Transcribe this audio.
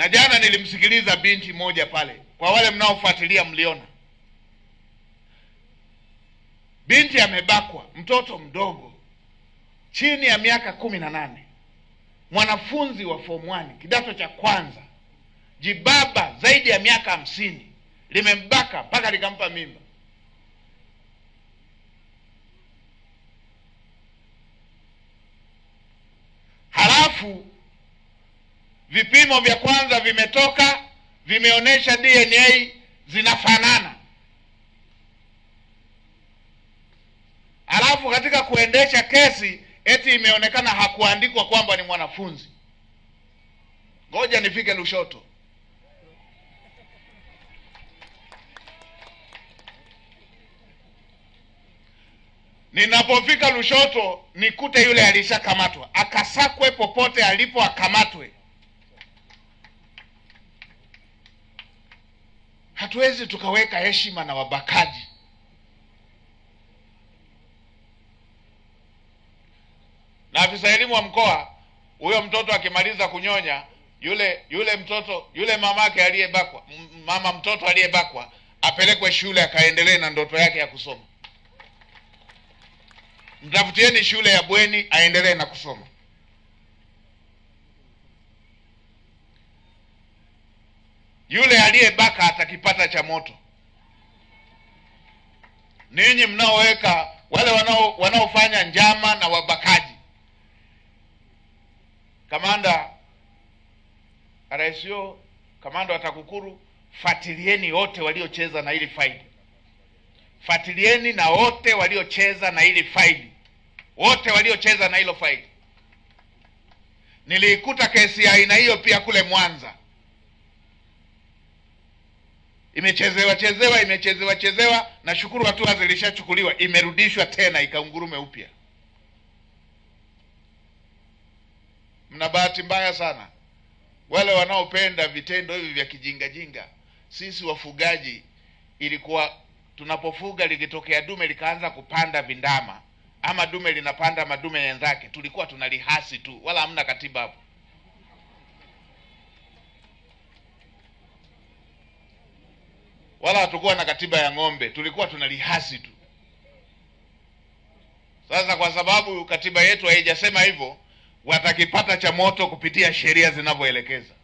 Na jana nilimsikiliza binti moja pale, kwa wale mnaofuatilia mliona binti amebakwa, mtoto mdogo chini ya miaka kumi na nane, mwanafunzi wa form kidato cha kwanza, jibaba zaidi ya miaka hamsini limembaka mpaka likampa mimba. Halafu Vipimo vya kwanza vimetoka, vimeonyesha DNA zinafanana. alafu katika kuendesha kesi eti imeonekana hakuandikwa kwamba ni mwanafunzi. Ngoja nifike Lushoto. Ninapofika Lushoto nikute yule alishakamatwa, akasakwe popote alipo, akamatwe. hatuwezi tukaweka heshima na wabakaji. Na afisa elimu wa mkoa, huyo mtoto akimaliza kunyonya, yule yule mtoto yule mamake aliyebakwa, mama mtoto aliyebakwa apelekwe shule akaendelee na ndoto yake ya kusoma. Mtafutieni shule ya bweni aendelee na kusoma. yule aliyebaka atakipata cha moto. Ninyi mnaoweka wale wanao wanaofanya njama na wabakaji, kamanda RSO, kamanda wa TAKUKURU, fatilieni wote waliocheza na ili faili, fatilieni na wote waliocheza na ili faili, wote waliocheza na hilo faili. Niliikuta kesi ya aina hiyo pia kule Mwanza imechezewa chezewa, imechezewa chezewa. Nashukuru hatua zilishachukuliwa, imerudishwa tena ikaungurume upya. Mna bahati mbaya sana wale wanaopenda vitendo hivi vya kijingajinga. Sisi wafugaji, ilikuwa tunapofuga likitokea dume likaanza kupanda vindama ama dume linapanda madume wenzake, tulikuwa tunalihasi tu, wala hamna katiba hapo. wala hatukuwa na katiba ya ng'ombe, tulikuwa tuna rihasi tu. Sasa kwa sababu katiba yetu haijasema hivyo, watakipata cha moto kupitia sheria zinavyoelekeza.